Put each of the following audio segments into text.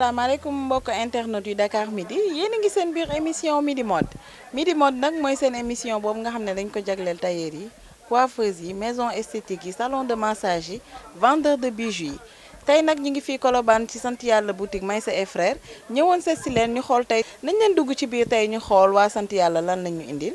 asalaamaaleykum mbokk internet yu Dakar midi yéen a ngi seen biir émission midi mode midi mode nag mooy seen émission boobu nga xam ne dañ ko jagleel tailleur yi coiffeuse yi maison esthétique yi salon de massage yi vendeur de bijoux yi tey nag ñu ngi fii Colobane ci sant yàlla boutique Maïssa et frère ñëwoon seet si leen ñu xool tey nañ leen dugg ci biir tey ñu xool waa sant yàlla lan lañ ñu indil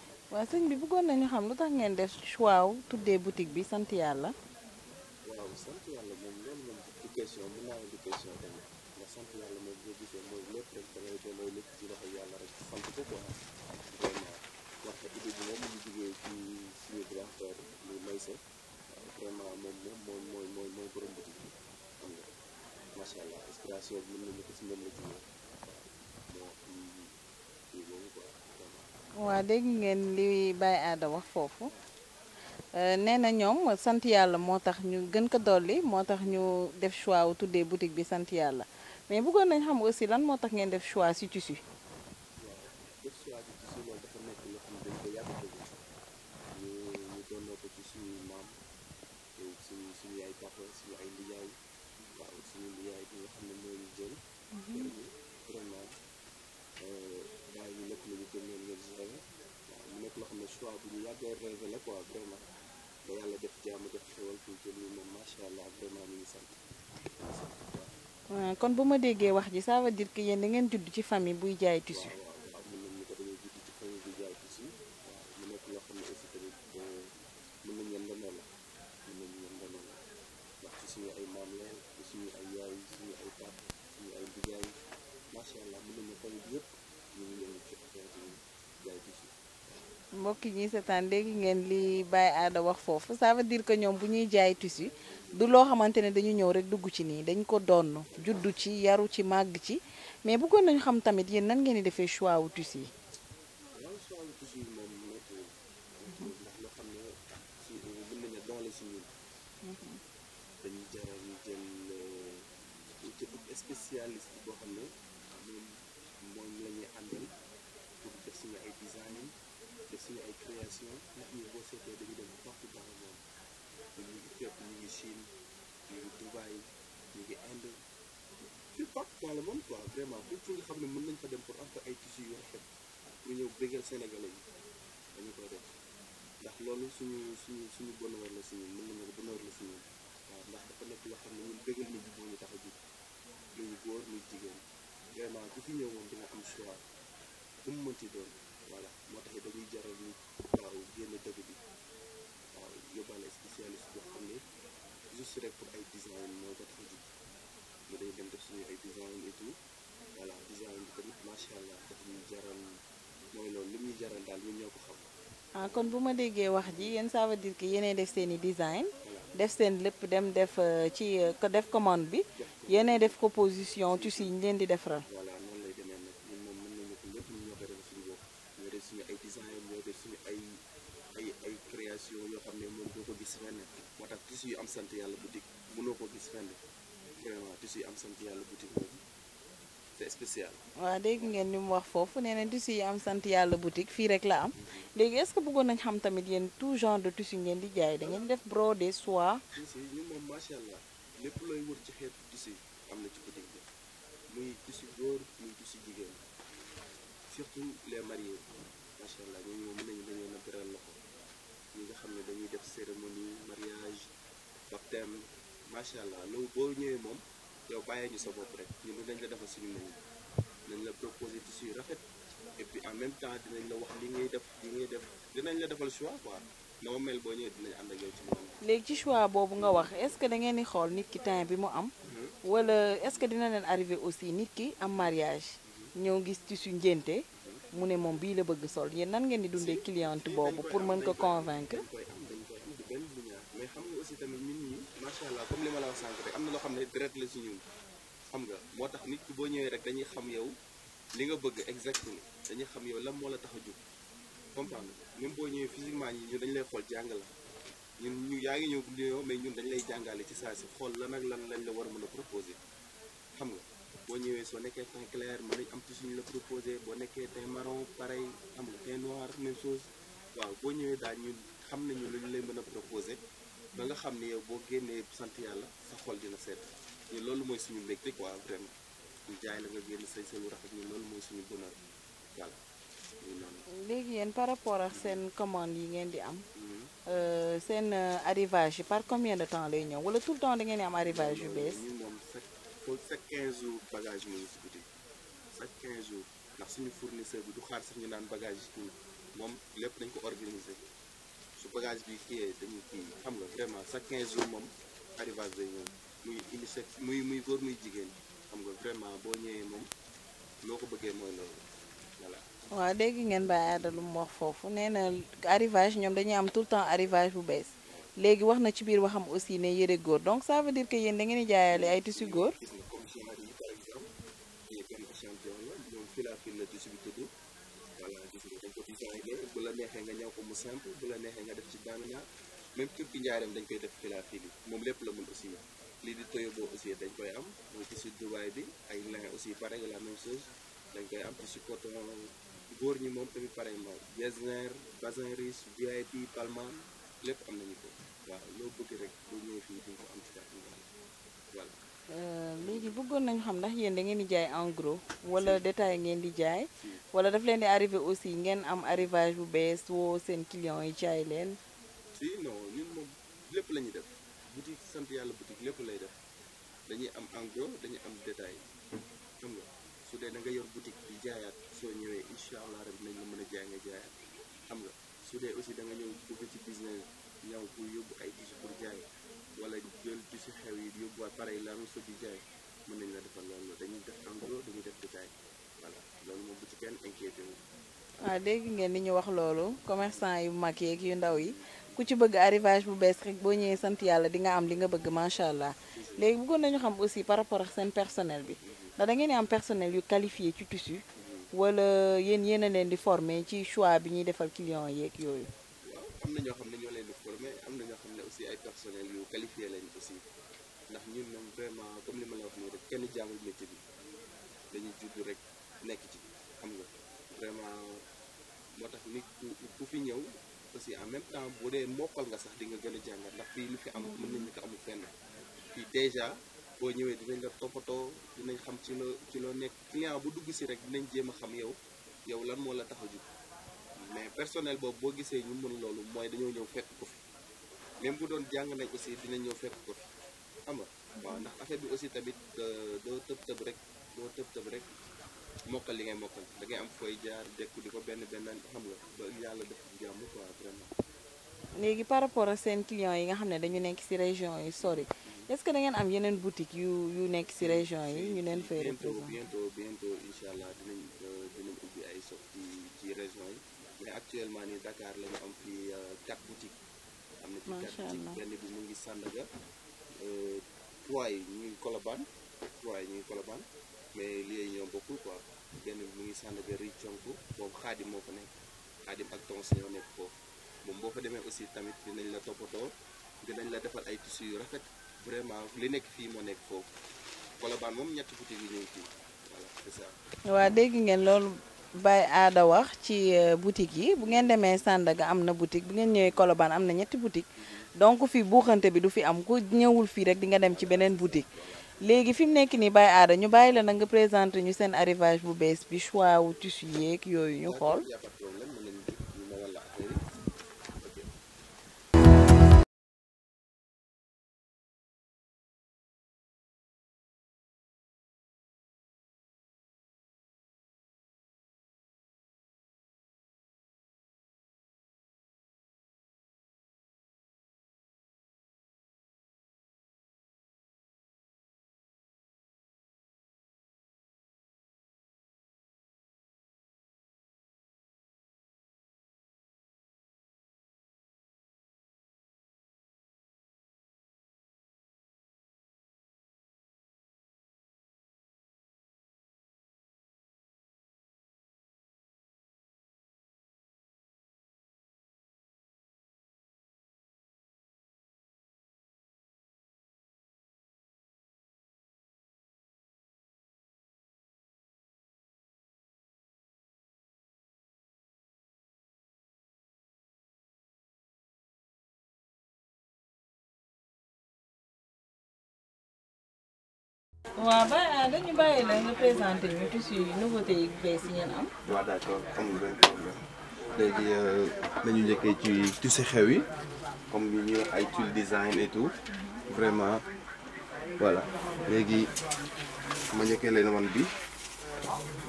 waaw sëñ bi bëggoon nañu xam lu tax ngeen def choix wu tuddee boutique bi sant yàlla. waaw sant yàlla moom loolu moom du question mën naa indi question tamit ndax sant yàlla moom boo gisee mooy lépp rek da ngay delloo lépp ci loxo yàlla rek sant ko quoi vraiment wax dëgg bi moom mu ngi jugee suñu directeur muy Maysa vraiment moom moom mooy mooy mooy mooy borom boutique bi xam moom waa dégg ngeen li Baye Aada wax foofu nee na ñoom sant yàlla moo tax ñu gën ko dolli moo tax ñu def choix wu tuddee boutique bi sant yàlla mais bëggoon nañ xam aussi lan moo tax ngeen def choix si tissu. vraiment daal ñu lépp lu ñu jël nekk loo xam ne choix bu ñu yàggee rêvé la quoi vraiment ba yàlla def jaamu def xewal fi jëm ni moom macha allah vraiment ñu ngi sant. kon bu ma déggee wax ji saa veut dire que yéen da ngeen judd ci famille buy jaay tissu. waaw ko dañoo judd ci famille buy jaay tissu waaw mu nekk loo xam ne aussi tamit mën nañu yem la mën nañu yem danoo la ndax ci suñu ay maam la ci suñu ay yaay suñu ay pap suñu ay ndijaay macha allah mën nañu famille bi mbokk ñi seetaan léegi ngeen li bàyyi aada wax foofu ça veut que ñoom bu ñuy jaay tissu du loo xamante ne dañu ñëw rek dugg ci nii dañ ko donn juddu ci yaru ci màgg ci mais bëggoon nañu xam tamit yéen nan ngeen di defee choix wu tissu yi. spécialiste boo te suñu ay création nag ñu boo seetee dañu dem partout dans le monde ñu ngi fépp ñu ngi siin ñu ngi Dubaï ñu ngi Inde fii partout dans le monde quoi vraiment fépp nga xam ne mën nañ fa dem pour am ay tissus yu rafet pour ñëw bégal Sénégalais dañu koy def ndax loolu suñu suñu suñu bonheur la suñu mën nañu ko bonheur la suñu waaw ndax dafa nekk loo xam ne ñun bégal nit ñi moo ñu tax a jóg lu ñu góor ñu jigéen vraiment ku fi ñëw moom dina am choix mu mënti doon. voilà moo tax dañuy jaral ñu waaw génn dëgg bi waaw yóbbaale spécialiste boo xam ne juste rek pour ay design moo ko tax a jug allah dafa ñuy jaral mooy loolu lu ñu jaral daal ñun ñoo ko xam. ah kon bu ma déggee wax ji yéen ça veut dire que yéenay def seen i design. def seen lépp dem def euh, ci euh, def commande bi. yéenay def proposition tissu yi ñu leen di defaral. si am sant yàlla boutique boobu c'est dégg ngeen li mu wax foofu nee na tissu yi sant yàlla boutique fii rek la am léegi est-ce bëggoon nañ xam tamit yéen tout de tissu ngeen di jaay da ngeen def brodé soie. tissu moom macha allah lépp looy wër ci xeetu tissu yi ci boutique bi muy tissu jigéen surtout les mariés macha allah ñun moom mën nañu dañoo nëbëral loxo ñi nga xam ne dañuy def cérémonie mariage baptême macha allah loo boo ñëwee moom. yow bàyyee ñu sa bopp rek dañ la defal suñu menu la proposer tissu yu rafet en même temps dinañ la wax li ngay def li ngay la defal choix quoi noo mel boo léegi ci choix boobu nga wax est-ce que da ngeen di xool nit ki temps bi mu am. Mm-hmm. wala est-ce que dina leen arrivé aussi nit ki am mariage. Mm-hmm. ñëw gis tissu njënte mm-hmm. mu ne moom bii la bëgg sol yéen nan ngeen di dundee cliente boobu pour mën ko convaincre. macha comme li ma la wax sànq rek am na loo xam ne dret la si ñun xam nga moo tax nit ki boo ñëwee rek dañuy xam yow li nga bëgg exactement dañuy xam yow lan moo la tax a jóg comprendre même boo ñëwee physiquement ñi ñu dañ lay xool jàng la ñun ñu yaa ngi ñëw ñëw mais ñun dañu lay jàngale ci saa si xool lan ak lan lañ la war a mën a proposé xam nga boo ñëwee soo nekkee teint clair ma nañ am tissu ñu la proposé boo nekkee teint marron pareil xam nga teint noir même chose waaw boo ñëwee daal ñun xam nañu lu ñu lay mën a proposé ba nga xam ne yow boo génnee sant yàlla sa xol dina seet ñu loolu mooy suñu mbégte quoi vraiment ñu jaay la nga génn say selu rafet ñu loolu mooy suñu bonheur voilà léegi yéen par rapport ak seen commande yi ngeen di am mhm. euh, seen euh, arrivage yi par combien de temps lay ñëw wala tout le temps da ngeen di am arrivage yu bees ñu moom chaque chaque 15 jours bagage mu ngi si biti chaque 15 jours ndax suñu fournisseur bi du xaar sax ñu naan bagage yi moom lépp dañ ko organiser su bagage bi kii dañuy kii xam nga vraiment chaque 15 jours moom arrivage day ñëw muy indi sa muy jigéen xam nga vraiment boo ñëwee moom loo ko bëggee mooy loolu waa waaw dégg ngeen Baye Ada lu mu wax foofu nee na arrivage ñoom dañuy am tout le temps arrivage bu bees léegi wax na ci biir waxam aussi ne yére góor donc ça veut dire que yéen da ngeen di jaayale ay tissu góor. gis nga comme si par exemple bi tudd. voilà gis nga dañ ko designé bu la neexee nga ñëw ko mu simple bu la neexee nga def ci banana même turki njaareem dañ koy def fil à fil moom lépp la mën aussi lii di boo aussi dañ koy am mooy ci sud Dubaay bi ay lin aussi pareil la même chose dañ koy am ci góor ñi moom tamit pareillement Getzner Bazin Riche VIP Palman lépp am nañu ko waaw loo bëgg rek boo ñëwee fii di nga ko am ci daal voilà Euh, léegi bëggoon nañu xam ndax yéen da ngeen di jaay en gros wala détail ngeen di jaay wala daf leen di arrivé aussi ngeen am arrivage bu bees woo seen clients yi jaay leen. si non ñun moom lépp la ñuy def boutique sant yàlla boutique lépp lay def dañuy am en dañu am détail xam nga su dee da nga yor boutique di jaayaat soo ñëwee incha allah rek dinañ la mën a jaay nga xam nga su dee aussi da nga ñëw dugg ci business ñaw pour yóbbu ay tissu pour jaay. wala jël ci si xew ah, dégg ngeen ni ñu wax loolu commerçant yu mag yeeg yu ndaw yi ku ci bëgg arrivage bu bees rek boo ñëwee sant yàlla di nga am li nga bëgg macha allah léegi bëggoon nañu xam aussi par rapport ak seen personnel bi ndax da ngeen am personnel yu qualifié ci tissu wala yéen yéen a leen di former ci choix bi ñuy defal client yeeg yooyu. waaw si ay personnel yu qualifié lañ aussi ndax ñun moom vraiment comme li ma la wax nii rek kenn jàngul métier bi dañuy judd rek nekk ci xam nga vraiment moo tax nit ku fi ñëw aussi en même temps boo dee mokkal nga sax di nga gën a jàngat ndax fii lu fi am mën nañu ko amul fenn fii déjà boo ñëwee dinañ la toppatoo dinañ xam ci loo ci loo nekk client bu dugg si rek dinañ jéem a xam yow yow lan moo la tax a jug mais personnel boobu boo gisee ñu mën loolu même bu doon jàng nañ aussi dina ñëw fekk ko xam nga waaw ndax affaire bi aussi tamit euh, doo tëb tëb rek doo tëb tëb rek mokkal li ngay mokkal dangay am fooy jaar dekku di ko benn benn xam nga yàlla def jàmm léegi par rapport ak seen clients yi nga xam ne dañu nekk ci région yi sori est-ce que da ngeen am yeneen boutique yu yu nekk ci région yi ñu leen fay représenter bientôt bientôt incha allah dinañ euh, dinañ ubbi ay sox ci ci région yi mais actuellement nii Dakar lañu ñu am fii euh, quatre boutiques. macha allah benn bi mu ngi Sandaga euh, trois yi ñu ngi Colobane trois yi ñu ngi Colobane mais liy ñoo bokkul quoi benn bi mu ngi Sandaga ri conk boobu xaadim moo fa nekk xaadim ak tons ñoo nekk foofu moom boo fa demee aussi tamit dinañ la toppatoo dinañ la defal ay tissus yu rafet vraiment li nekk fii moo nekk foofu Colobane moom ñetti boutique yi ñuy ngi fii waa dégg ngeen loolu. Baye Aada wax ci euh, boutique yi bu ngeen demee Sandaga am na boutique bu ngeen ñëwee Colobane am na ñetti boutique donc fi buuxante bi du fi am ku ñëwul fii rek di nga dem ci beneen boutique léegi fi mu nekk nii Baye Aada ñu bàyyi la na nga présenté ñu seen arrivage bu bees bi choix wu tissu yeeg yooyu ñu xool waa ba dañu bàyyi la nga présenté ñu tissu yi yi bees yi ngeen am. léegi euh, nañu njëkkee ci tissu xew yi comme ñu ñuy wax ay tulle design et vraiment wala léegi ma njëkkee leen wan bi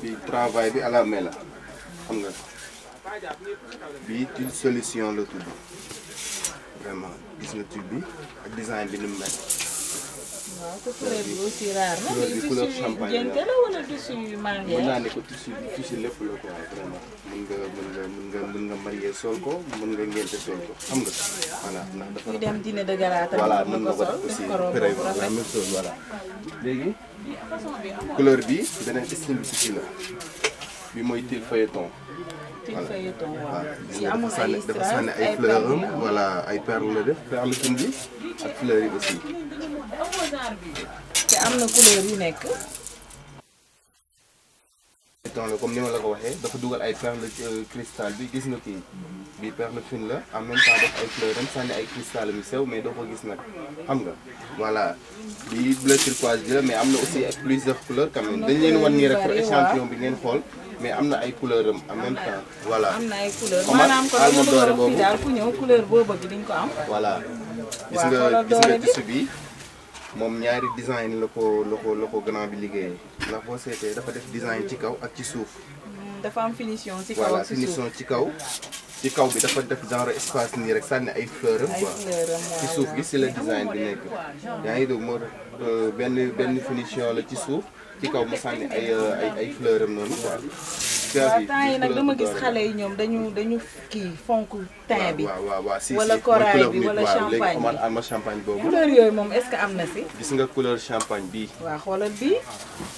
bi travail bi à la main la xam nga bii solution la tudd vraiment gis nga tulle bi ak design bi ni mu waaw te naa ne ko tissu tissu lépp la quoi vraiment. mën nga mën nga mën sol ko mën nga ngénte sol ko xam nga. voilà ndax dafa ñu dem dîner de gala tamit. bi beneen style mooy til dafa sànni dafa sànni ay fleurs am. voilà ay perles la def perles bi ak fleurs yi aussi. te am na couleur yu nekk. donc comme ni ma la ko waxee dafa dugal ay perle euh, cristal bi gis nga kii bi perle fine la am même temps ay fleur am sànni ay cristal yu sew mais doo ko gis nag xam nga voilà bi bleu turquoise bi la mais am na aussi ak plusieurs couleurs dañ leen wan nii rek pour échantillon bi xool mais am na ay couleur am en même temps voilà maanaam kon alma doore boobu daal ku ñëw couleur boo bëgg di ko am voilà gis nga gis nga tissu bi moom ñaari design la ko la ko la ko grand bi liggéeyee ndax boo seetee dafa def design ci kaw ak ci suuf. dafa am finition ci kaw ci kaw. ci kaw bi dafa def genre espace nii rek sànni ay fleur am ci suuf gi si la design bi nekk yaa ngi dégg moo euh, benn benn finition la ci suuf. ci kaw mu sànni ay euh, ay ay fleur am noonu quoi. temps yi nag dama gis xale yi ñoom dañu dañu kii fonk teint bi. waaw waaw waaw si si wala corail bi wala champagne bi léegi boobu. couleur yooyu ce que am na si. gis nga couleur champagne bii. waaw xoolal bii.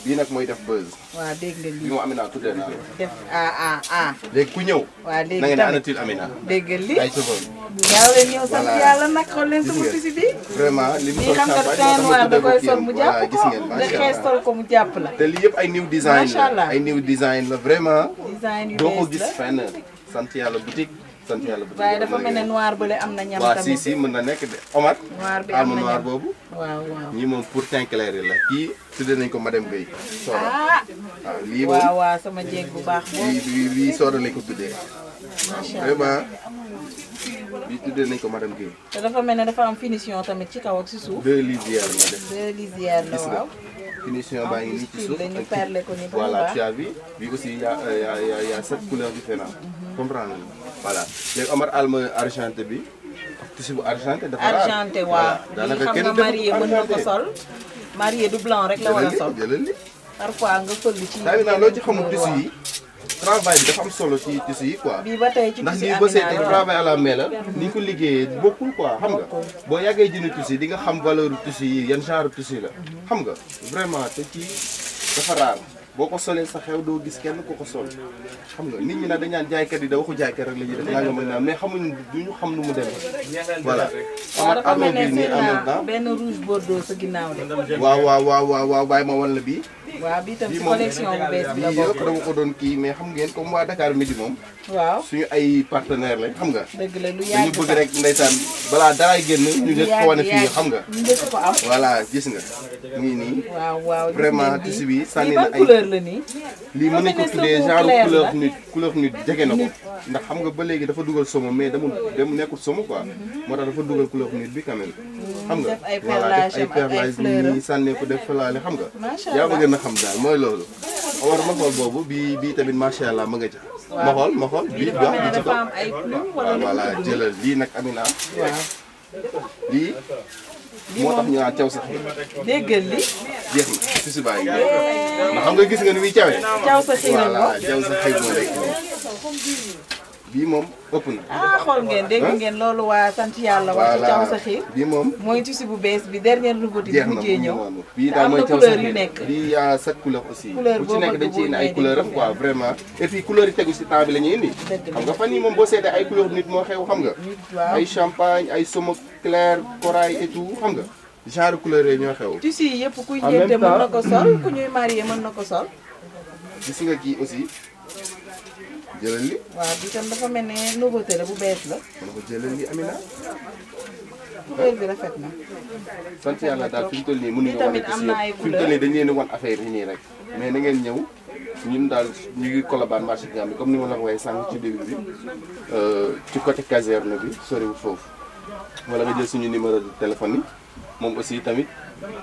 bii nag mooy def buzz. waa dégg nga lii bi moom Amina tuddee naa la. def ah ah ah. léegi ku ñëw. waaw léegi na nga ne ana tuuti lii gaaw leen ñëw sant yàlla nag xool leen sama tusi bi vraiment li mu sol xam nga teint noir da jàpp la te li yëpp ay new design la ay new design la vraiment doo ko gis fenn sant yàlla boutique sant yàlla boutique waaye dafa mel ne noir bële am na ñam tamit si si mën na nekk de Omar bi am na noir boobu waaw waaw ñii moom pour teint clair la kii tuddee nañ ko madame Gueye ah waaw lii moom waaw waaw sama jéeg bu baax boobu lii lii soora ko tuddee vraiment bi tuddee nañ ko madame Guèye. te dafa mel ne dafa am finition tamit ci kaw ak si suuf. deux lisières la def la waaw. finition baa ngi nii ci suuf dañu perlé ko ni voilà tu as bi aussi y' a y' a sept couleurs différentes. Mhm. comprendre nga voilà léegi Omar alma argenté bi. tissu bu argenté dafa raar argenté waaw. daanaka kenn xam nga marié mën na ko sol. marié du blanc rek la war a sol. parfois nga fël ci. loo ci xamul tissu yi. travail bi dafa am solo ci tissu yi ci ndax nii ba see tey travail à la ni ko liggéeyee bokkul quoi xam nga. boo yàggee jënd tissu di nga xam valeur tissu yi yan genre tissu la. xam nga vraiment te ci dafa raar boo ko solee sa xew doo gis kenn ku ko sol xam nga nit ñi nag dañ naan jaaykat yi da waxu jaaykat rek la ñuy def yaa nga mën naa mais xamuñ du ñu xam nu mu demee. voilà amat amoon bi nii waaw sa ginnaaw de. waaw waaw waaw waaw waaye ma wan la bii. waaw bii tam ci collection bi la bokk yëpp dama ko doon kii mais xam ngeen comme waa Dakar Midi moom. waaw suñu ay partenaire lañ xam nga. dëgg la lu yàgg dañu rek ndeysaan balaa daraay génn ñu njëkk ko wane fii xam nga. ñu njëkk ko voilà gis nga. mu ngi nii waaw waaw vraiment tissu bi sànni na ay lii ban couleur la ko tuddee genre couleur nit jege na ko. ndax xam nga ba léegi dafa dugal somo mais demul dem nekkul somo quoi moo tax dafa dugal couleur nit bi quand xam nga voilà def ay perlage nii xam nga yaa ma gën a xam daal mooy loolu war ma xool boobu bi bii tamit macha allah ma nga ca ma xool ma xool bii jëlal lii nag am lii moo tax ñu naan caw sa xiir. déggal li. jeex na su si bàyyi xam nga gis nga ni muy la sa bii moom ëpp na. ah xool ngeen dégg ngeen loolu waa sant yàlla. wax ci caw sa xiir bii moom. mooy tissu bu bees bi dernière nouveauté bi mujjee ñëw. bii daa mooy yu nekk. bii yaa sept couleur couleur bu ci nekk dañ indi la ñuy indi. xam nga fan yii moom boo seetee ay couleur nit moo xew xam nga. ay champagne ay somme clair corail et xam nga. genre couleur yooyu ñoo xew. tissu yëpp kuy ngénte mën na ko sol ku ñuy marié mën na ko sol. gis nga kii aussi jëlal li bi tam dafa mel ne nouveauté la bu bees la. kon ko jëlal li Amina. couleur bi rafet na. sant yàlla daal fi mu toll nii mënuñu wane ko si fi mu toll affaire yi nii rek. mais na ngeen ñëw ñun daal ñu ngi Colobane marché bi comme ni ma la ko waxee sànq ci début bi euh, ci côté caserne bi soriwul foofu. wala nga jël suñu numéro de téléphone yi moom aussi tamit.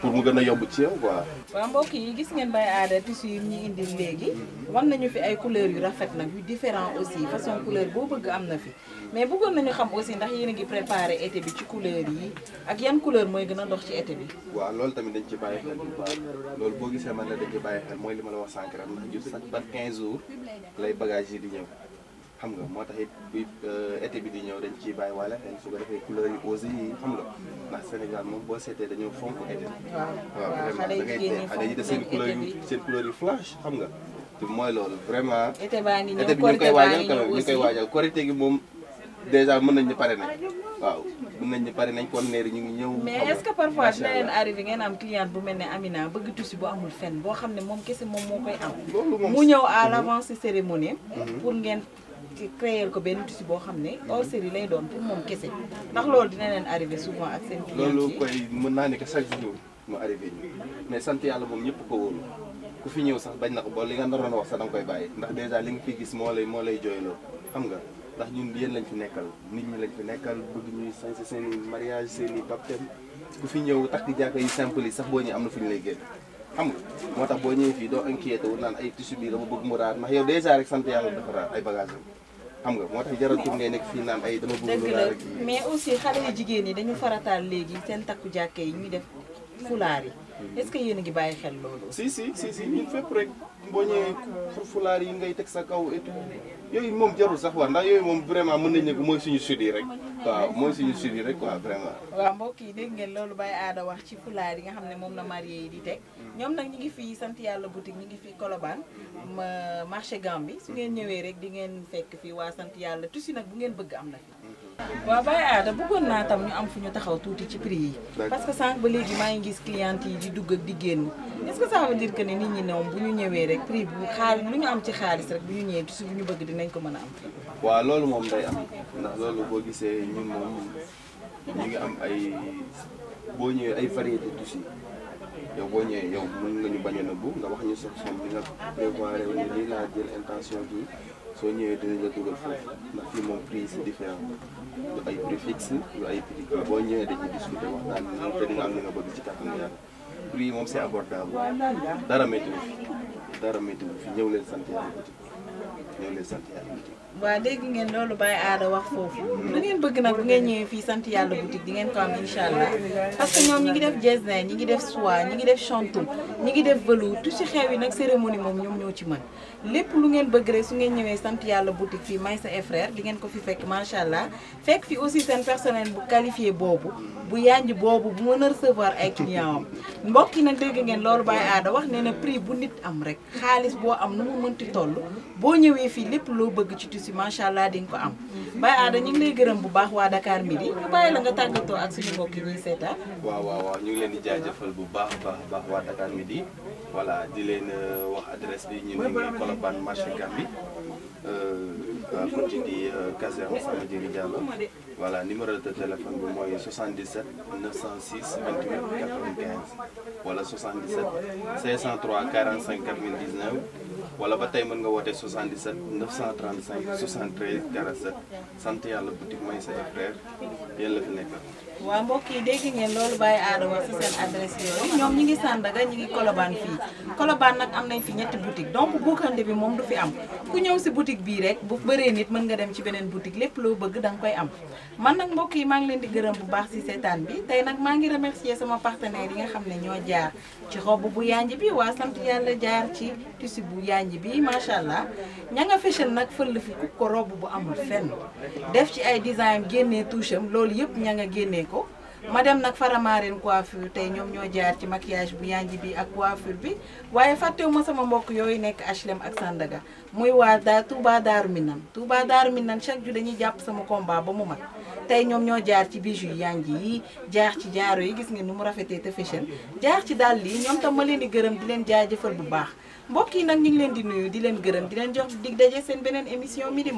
pour mu gën a yomb ci yow quoi. waaw mbokk yi gis ngeen Baye Ada tissu yi ñu indi léegi wan nañu fi ay couleurs yu rafet nag yu différent aussi façon couleur boo bëgg am na fi mais bëggoon nañu xam aussi ndax yéen a ngi préparé été bi ci couleur yi ak yan couleur mooy gën a dox ci été bi. waaw loolu tamit dañ ci bàyyi xel bu baax loolu boo gisee man la dañ ci bàyyi xel mooy li ma la wax sànq rek ndax jur sax par 15 jours lay bagages yi di ñëw. xam nga moo tax it bi euh, été bi di ñëw dañ ciy bàyyi waale xëy su ko defee couleur yi aussi yi xam nga ndax Sénégal moom boo seetee dañoo fonk été. waaw vraiment da ngay tey xale yi de seen couleur yu seen couleur yu flash xam nga. te mooy loolu vraiment. été baa ngi ñëw korité baa ngi ñëw aussi ñu koy waajal nañ waaw. mën nañ ne pare nañ ñu ngi ñëw. mais est que parfois dina leen arrivé ngeen am client bu mel ne Amina bëgg tusi bu amul fenn boo xam ne moom kese moom moo koy am. mu ñëw à l'avance cérémonie. Mhm. pour ngeen. ci créer ko benn tissu boo xam ne hors série lay doon pour moom kese ndax loolu dina leen arrivé souvent ak seen client loolu koy mën naa ne que chaque jour mu arrivé ñu mais sant yàlla moom ñëpp ko wóolu ku fi ñëw sax bañ na ko ba li nga naroon wax sax danga koy bàyyi ndax dèjà li nga fi gis moo lay moo lay jooyloo xam nga ndax ñun yéen lañ fi nekkal nit ñi lañ fi nekkal bëgg ñuy sañse seen mariage seen i baptême ku fi ñëw takk jàkka yi simple yi sax boo ñëwee am na fu ñu lay génn xam nga moo tax boo ñëwee fii doo inquiété wu naan ay tissu bi dama rek sant yàlla dafa raar ay xam nga moo tax jaratul ngay nekk fii naan ay dama bëgg. dëgg la mais aussi xale yu jigéen yi dañu farataal léegi seen takku jàkkee yi ñuy def. fulaar yi est-ce que yéen a ngi bàyyi xel loolu. si si si si ñun fépp rek boo ñëwee fulaar yi ngay teg sa kaw et yooyu moom jarul sax war ndax yooyu moom vraiment mën nañu ne mooy suñu sud yi rek. waaw mooy suñu sud rek waaw vraiment. waaw mbokk yi dégg ngeen loolu Baye Ada wax ci fulaar yi nga xam ne moom la marié yi di teg ñoom nag ñu ngi fii sant yàlla boutique ñu ngi fii Colobane marché Gambie su ngeen ñëwee rek di ngeen fekk fii waa sant yàlla tusi nag bu ngeen bëgg am na waaw Baye Aada bëggoon naa tam ñu am fu ñu taxaw tuuti ci prix yi. parce que san ba léegi maa ngi gis clientes yi di dugg ak di génn. est ne nit ñi ñoom bu ñu ñëwee rek prix bu xaalis lu ñu am ci xaalis rek bu ñu ñëwee su ñu bëgg dinañ ko mën a am. waaw loolu moom day am ndax loolu boo gisee ñun moom ñu ngi am ay boo ñëwee ay variété tissus yow boo ñëwee yow mën nga ñu bañ na nëbbu nga wax ñu sax som li nga prévoir lii laa jël intention bi. soo ñëwee dinañ la dugal foofu ndax fii moom prix yi différent du ay prix fixe ay prix boo ñëwee dañuy discuter waxtaan bi ñoom te dina am li nga bëgg ci kàttan yàlla prix yi moom c'est abordable dara métti fi dara métti fi ñëw leen sant yàlla ñëw leen sant yàlla waa dégg ngeen loolu Baye Aada wax foofu. lu ngeen bëgg nag bu ngeen ñëwee fii sant yàlla boutique di ngeen ko am incha allah. parce que ñoom ñi ngi def jersey ñi ngi def soie ñi ngi def chantou ñi ngi def velours tout ci xew yi nag cérémonie moom ñoom ñoo ci mën. lépp lu ngeen bëgg rek su ngeen ñëwee sant yàlla boutique fii Maïssa et Frères di ngeen ko fi fekk macha allah fekk fi aussi seen personnel bu qualifié boobu. bu yànj boobu bu mën a recevoir ay clients mbokk yi nag dégg ngeen loolu Baye Aada wax nee na prix bu nit am rek xaalis boo am nu mu toll si macha allah di nga ko am. Baye Ada ñu ngi lay gërëm bu baax waa Dakar Midi ñu bàyyi la nga tàggatoo ak suñu mbokk yi ñuy seetaan. waaw waaw ñu ngi leen di jëfal bu baax baax baax waa Dakar di voilà di leen euh, wax adresse bi ñu ngi Colobane marché Gambie euh, à côté di euh, caserne Sama numéro de téléphone bi mooy 77 906 28 95 wala 77 503 45 99 wala ba tey mën nga woote 77 935 sant yàlla boutique may la fi ngi Sandaga ñi fii. Colobane nag am nañ fi ñetti boutique donc buukande bi moom du fi am ku ñëw si boutique bii rek bu bëree nit mën nga dem ci beneen boutique lépp loo bëgg da koy am man nag mbokk yi maa ngi leen di gërëm bu baax si seetaan bi tey nag maa ngi remercier sama partenaire yi nga xam ne ñoo jaar ci robe bu yanj bi waa sant yàlla jaar ci tissu bu yanj bi macha allah ña nga fashion nag fël fi ku ko robe bu amul fenn def ci ay design génnee touche am loolu yëpp ña nga génnee ko ma dem nag Faramareen coiffure tey ñoom ñoo jaar ci maquillage bu yanji bi ak coiffure bi waaye fàttewuma sama mbokk yooyu nekk HLM ak Sandaga muy waa daa Touba Daaru Minam Touba Daaru Minam chaque jour dañuy jàpp sama combat ba mu mag tey ñoom ñoo jaar ci bijoux yanji yi jaar ci jaaro yi gis ngeen nu mu rafetee te fashion jaar ci dàll yi ñoom tam ma leen di gërëm di leen jaajëfal bu baax mbokk yi nag ñu ngi leen di nuyu di leen gërëm di leen jox dig daje seen beneen émission Midi